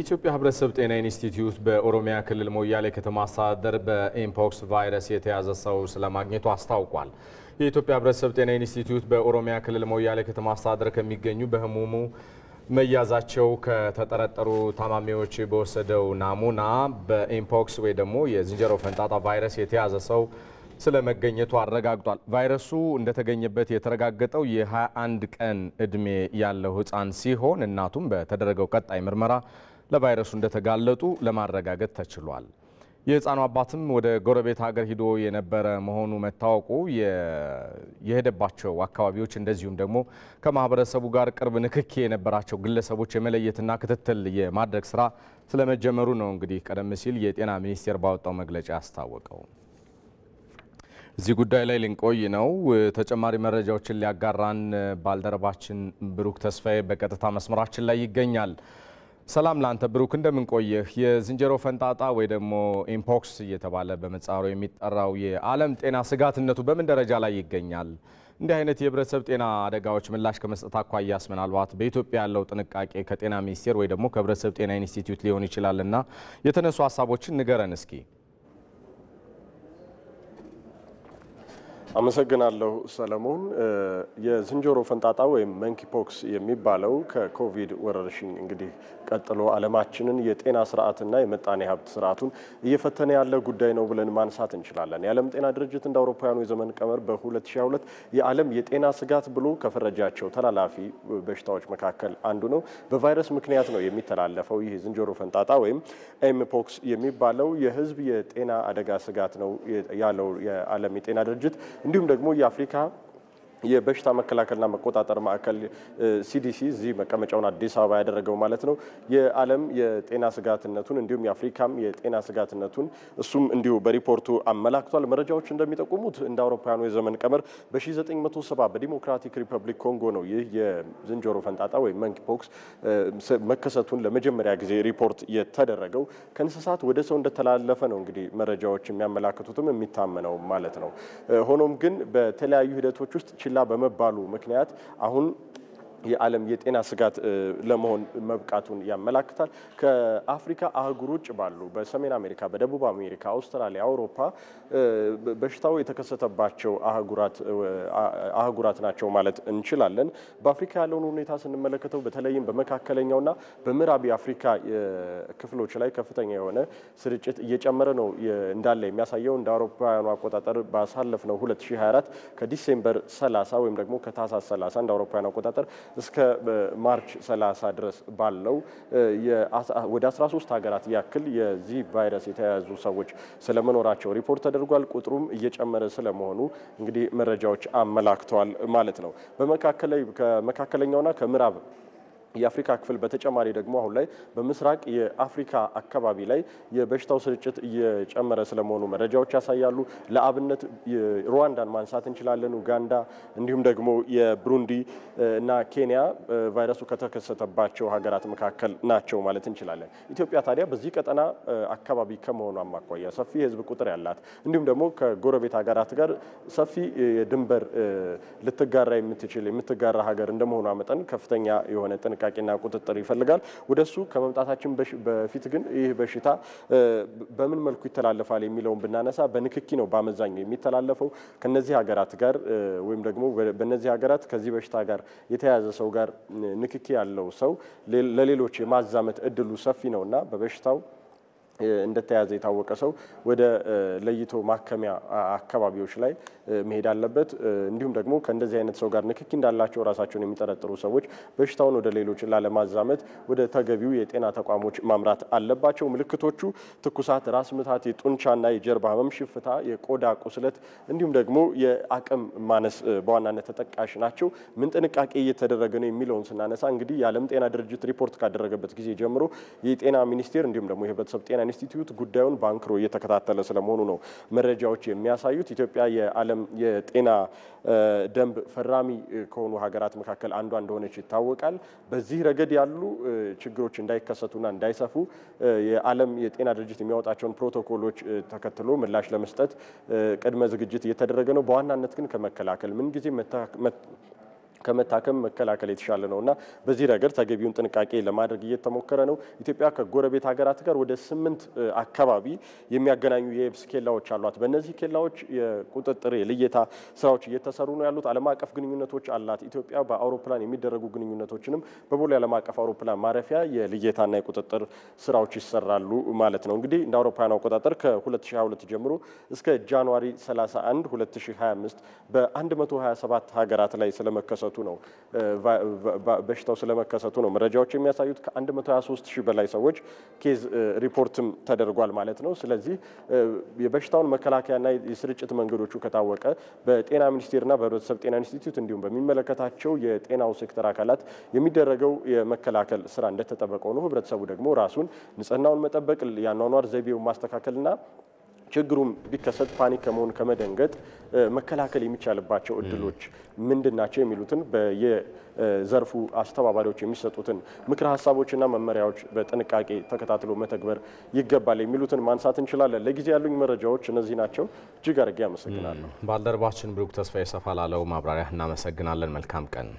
የኢትዮጵያ ህብረተሰብ ጤና ኢንስቲትዩት በኦሮሚያ ክልል ሞያሌ ከተማ አስተዳደር በኢምፖክስ ቫይረስ የተያዘ ሰው ስለማግኘቱ አስታውቋል። የኢትዮጵያ ህብረተሰብ ጤና ኢንስቲትዩት በኦሮሚያ ክልል ሞያሌ ከተማ አስተዳደር ከሚገኙ በህሙሙ መያዛቸው ከተጠረጠሩ ታማሚዎች በወሰደው ናሙና በኢምፖክስ ወይ ደግሞ የዝንጀሮ ፈንጣጣ ቫይረስ የተያዘ ሰው ስለመገኘቱ አረጋግጧል። ቫይረሱ እንደተገኘበት የተረጋገጠው የ21 ቀን እድሜ ያለው ህፃን ሲሆን እናቱም በተደረገው ቀጣይ ምርመራ ለቫይረሱ እንደተጋለጡ ለማረጋገጥ ተችሏል። የህፃኑ አባትም ወደ ጎረቤት ሀገር ሂዶ የነበረ መሆኑ መታወቁ የሄደባቸው አካባቢዎች እንደዚሁም ደግሞ ከማህበረሰቡ ጋር ቅርብ ንክኪ የነበራቸው ግለሰቦች የመለየትና ክትትል የማድረግ ስራ ስለመጀመሩ ነው እንግዲህ ቀደም ሲል የጤና ሚኒስቴር ባወጣው መግለጫ ያስታወቀው። እዚህ ጉዳይ ላይ ልንቆይ ነው። ተጨማሪ መረጃዎችን ሊያጋራን ባልደረባችን ብሩክ ተስፋዬ በቀጥታ መስመራችን ላይ ይገኛል። ሰላም ላንተ ብሩክ፣ እንደምንቆየህ የዝንጀሮ ፈንጣጣ ወይ ደግሞ ኢምፖክስ እየተባለ በምህጻሩ የሚጠራው የዓለም ጤና ስጋትነቱ በምን ደረጃ ላይ ይገኛል? እንዲህ አይነት የህብረተሰብ ጤና አደጋዎች ምላሽ ከመስጠት አኳያስ ምናልባት በኢትዮጵያ ያለው ጥንቃቄ ከጤና ሚኒስቴር ወይ ደግሞ ከህብረተሰብ ጤና ኢንስቲትዩት ሊሆን ይችላል እና የተነሱ ሀሳቦችን ንገረን እስኪ። አመሰግናለሁ ሰለሞን። የዝንጀሮ ፈንጣጣ ወይም መንኪ የሚባለው ከኮቪድ ወረርሽኝ እንግዲህ ቀጥሎ ዓለማችንን የጤና ስርዓትና የመጣኔ ሀብት ስርዓቱን እየፈተነ ያለ ጉዳይ ነው ብለን ማንሳት እንችላለን። የዓለም ጤና ድርጅት እንደ አውሮፓውያኑ የዘመን ቀመር በ2022 የዓለም የጤና ስጋት ብሎ ከፈረጃቸው ተላላፊ በሽታዎች መካከል አንዱ ነው። በቫይረስ ምክንያት ነው የሚተላለፈው። ይህ ዝንጀሮ ፈንጣጣ ወይም ኤምፖክስ የሚባለው የህዝብ የጤና አደጋ ስጋት ነው ያለው የዓለም የጤና ድርጅት እንዲሁም ደግሞ የአፍሪካ የበሽታ መከላከልና መቆጣጠር ማዕከል ሲዲሲ እዚህ መቀመጫውን አዲስ አበባ ያደረገው ማለት ነው። የዓለም የጤና ስጋትነቱን እንዲሁም የአፍሪካም የጤና ስጋትነቱን እሱም እንዲሁ በሪፖርቱ አመላክቷል። መረጃዎች እንደሚጠቁሙት እንደ አውሮፓውያኑ የዘመን ቀመር በ1970 በዲሞክራቲክ ሪፐብሊክ ኮንጎ ነው ይህ የዝንጀሮ ፈንጣጣ ወይም መንኪ ፖክስ መከሰቱን ለመጀመሪያ ጊዜ ሪፖርት የተደረገው። ከእንስሳት ወደ ሰው እንደተላለፈ ነው እንግዲህ መረጃዎች የሚያመላክቱትም የሚታመነው ማለት ነው። ሆኖም ግን በተለያዩ ሂደቶች ውስጥ ችላ በመባሉ ምክንያት አሁን የዓለም የጤና ስጋት ለመሆን መብቃቱን ያመላክታል። ከአፍሪካ አህጉር ውጭ ባሉ በሰሜን አሜሪካ፣ በደቡብ አሜሪካ፣ አውስትራሊያ፣ አውሮፓ በሽታው የተከሰተባቸው አህጉራት ናቸው ማለት እንችላለን። በአፍሪካ ያለውን ሁኔታ ስንመለከተው በተለይም በመካከለኛውና በምዕራብ የአፍሪካ ክፍሎች ላይ ከፍተኛ የሆነ ስርጭት እየጨመረ ነው እንዳለ የሚያሳየው እንደ አውሮፓውያኑ አቆጣጠር ባሳለፍነው 2024 ከዲሴምበር 30 ወይም ደግሞ ከታህሳስ 30 እንደ አውሮፓውያኑ አቆጣጠር እስከ ማርች 30 ድረስ ባለው ወደ 13 ሀገራት ያክል የዚህ ቫይረስ የተያያዙ ሰዎች ስለመኖራቸው ሪፖርት ተደርጓል። ቁጥሩም እየጨመረ ስለመሆኑ እንግዲህ መረጃዎች አመላክተዋል ማለት ነው። በመካከለኛውና ከምዕራብ የአፍሪካ ክፍል በተጨማሪ ደግሞ አሁን ላይ በምስራቅ የአፍሪካ አካባቢ ላይ የበሽታው ስርጭት እየጨመረ ስለመሆኑ መረጃዎች ያሳያሉ። ለአብነት ሩዋንዳን ማንሳት እንችላለን፣ ኡጋንዳ፣ እንዲሁም ደግሞ የብሩንዲ እና ኬንያ ቫይረሱ ከተከሰተባቸው ሀገራት መካከል ናቸው ማለት እንችላለን። ኢትዮጵያ ታዲያ በዚህ ቀጠና አካባቢ ከመሆኗ አኳያ ሰፊ የህዝብ ቁጥር ያላት እንዲሁም ደግሞ ከጎረቤት ሀገራት ጋር ሰፊ የድንበር ልትጋራ የምትችል የምትጋራ ሀገር እንደመሆኗ መጠን ከፍተኛ የሆነ ጥንቃ ጥንቃቄና ቁጥጥር ይፈልጋል። ወደሱ ከመምጣታችን በፊት ግን ይህ በሽታ በምን መልኩ ይተላለፋል የሚለውን ብናነሳ በንክኪ ነው በአመዛኙ የሚተላለፈው ከነዚህ ሀገራት ጋር ወይም ደግሞ በነዚህ ሀገራት ከዚህ በሽታ ጋር የተያያዘ ሰው ጋር ንክኪ ያለው ሰው ለሌሎች የማዛመት እድሉ ሰፊ እና በበሽታው እንደተያዘ የታወቀ ሰው ወደ ለይቶ ማከሚያ አካባቢዎች ላይ መሄድ አለበት። እንዲሁም ደግሞ ከእንደዚህ አይነት ሰው ጋር ንክኪ እንዳላቸው ራሳቸውን የሚጠረጥሩ ሰዎች በሽታውን ወደ ሌሎች ላለማዛመት ወደ ተገቢው የጤና ተቋሞች ማምራት አለባቸው። ምልክቶቹ ትኩሳት፣ ራስ ምታት፣ የጡንቻና የጀርባ ህመም፣ ሽፍታ፣ የቆዳ ቁስለት እንዲሁም ደግሞ የአቅም ማነስ በዋናነት ተጠቃሽ ናቸው። ምን ጥንቃቄ እየተደረገ ነው የሚለውን ስናነሳ እንግዲህ የዓለም ጤና ድርጅት ሪፖርት ካደረገበት ጊዜ ጀምሮ የጤና ሚኒስቴር እንዲሁም ደግሞ የህብረተሰብ ጤና ኢንስቲትዩት ጉዳዩን በአንክሮ እየተከታተለ ስለመሆኑ ነው መረጃዎች የሚያሳዩት። ኢትዮጵያ የዓለም የጤና ደንብ ፈራሚ ከሆኑ ሀገራት መካከል አንዷ እንደሆነች ይታወቃል። በዚህ ረገድ ያሉ ችግሮች እንዳይከሰቱና እንዳይሰፉ የዓለም የጤና ድርጅት የሚያወጣቸውን ፕሮቶኮሎች ተከትሎ ምላሽ ለመስጠት ቅድመ ዝግጅት እየተደረገ ነው። በዋናነት ግን ከመከላከል ምንጊዜ ከመታከም መከላከል የተሻለ ነው እና በዚህ ረገድ ተገቢውን ጥንቃቄ ለማድረግ እየተሞከረ ነው። ኢትዮጵያ ከጎረቤት ሀገራት ጋር ወደ ስምንት አካባቢ የሚያገናኙ የየብስ ኬላዎች አሏት። በእነዚህ ኬላዎች የቁጥጥር የልየታ ስራዎች እየተሰሩ ነው ያሉት። ዓለም አቀፍ ግንኙነቶች አላት ኢትዮጵያ በአውሮፕላን የሚደረጉ ግንኙነቶችንም በቦሌ ዓለም አቀፍ አውሮፕላን ማረፊያ የልየታና የቁጥጥር ስራዎች ይሰራሉ ማለት ነው። እንግዲህ እንደ አውሮፓውያን አቆጣጠር ከ2022 ጀምሮ እስከ ጃንዋሪ 31 2025 በ127 ሀገራት ላይ ስለመከሰቱ ስለመከሰቱ ነው በሽታው ስለመከሰቱ ነው መረጃዎች የሚያሳዩት። ከ123 ሺህ በላይ ሰዎች ኬዝ ሪፖርትም ተደርጓል ማለት ነው። ስለዚህ የበሽታውን መከላከያና የስርጭት መንገዶቹ ከታወቀ በጤና ሚኒስቴርና በህብረተሰብ ጤና ኢንስቲትዩት እንዲሁም በሚመለከታቸው የጤናው ሴክተር አካላት የሚደረገው የመከላከል ስራ እንደተጠበቀው ነው። ህብረተሰቡ ደግሞ ራሱን ንጽህናውን መጠበቅ፣ የአኗኗር ዘይቤውን ማስተካከልና ችግሩም ቢከሰት ፓኒክ ከመሆን ከመደንገጥ መከላከል የሚቻልባቸው እድሎች ምንድን ናቸው የሚሉትን በየዘርፉ አስተባባሪዎች የሚሰጡትን ምክረ ሀሳቦችና መመሪያዎች በጥንቃቄ ተከታትሎ መተግበር ይገባል የሚሉትን ማንሳት እንችላለን። ለጊዜ ያሉኝ መረጃዎች እነዚህ ናቸው። እጅግ አድርጌ አመሰግናለሁ። ባልደረባችን ብሩክ ተስፋ ሰፋ ላለው ማብራሪያ እናመሰግናለን። መልካም ቀን